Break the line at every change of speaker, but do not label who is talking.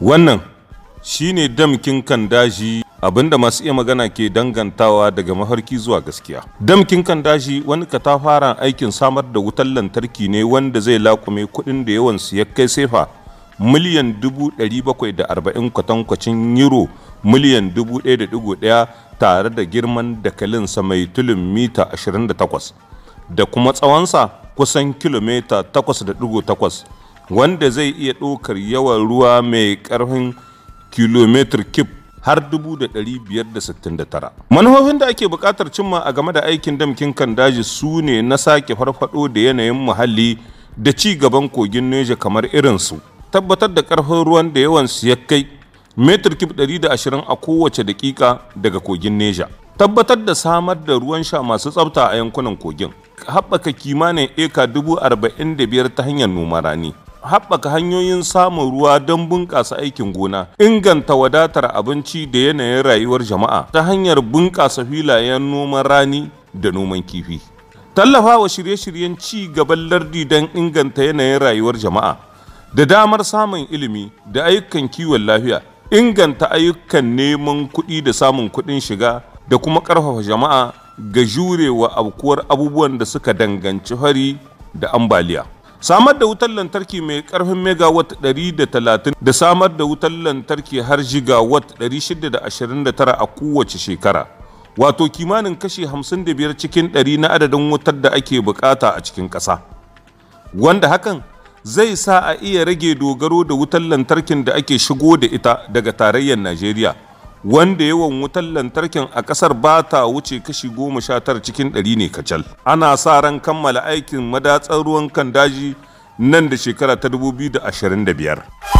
wannan shi ne damkin kan daji abinda masu iya magana ke dangantawa daga mafarki zuwa gaskiya damkin kan daji wani katafaren aikin samar da wutar lantarki ne wanda zai lakume kuɗin da yawan su ya kai sefa miliyan 740 kwatankwacin euro miliyan 1.1 tare da girman dakalinsa mai tulin mita 28 da kuma tsawonsa kusan kilomita 8.8 wanda zai iya ɗaukar yawan ruwa mai ƙarfin kilomitar kip har 569 manufofin da ake buƙatar cimma a game da aikin damkin kan daji su ne na sake farfado da yanayin muhalli da ci gaban kogin neja kamar irinsu tabbatar da ƙarfin ruwan da yawan su ya kai metar kip 120 a kowace daƙiƙa daga kogin neja tabbatar da samar da ruwan sha masu tsafta a yankunan kogin haɓaka kimanin eka 45,000 ta hanyar noma rani haɓaka hanyoyin samun ruwa don bunƙasa aikin gona inganta wadatar abinci da yanayin rayuwar jama'a ta hanyar bunƙasa filayen noman rani da noman kifi Tallafawa shirye-shiryen ci gaban lardi don inganta yanayin rayuwar jama'a da damar samun ilimi da ayyukan kiwon lafiya inganta ayyukan neman kuɗi da samun kuɗin shiga da kuma ƙarfafa jama'a ga jurewa abkuwar abubuwan da suka danganci hari da ambaliya. samar da wutar lantarki mai karfin megawatt 130 da samar da wutar lantarki har gigawatt 629 a kowace shekara wato kimanin kashi 55 cikin 100 na adadin wutar da ake bukata a cikin ƙasa wanda hakan zai sa a iya rage dogaro da wutar lantarkin da ake shigo da ita daga tarayyar najeriya wanda yawan wutar lantarkin a kasar ba ta wuce kashi goma sha tara cikin ɗari ne kacal ana sa ran kammala aikin madatsar ruwan kan daji nan da shekara ta da da biyar.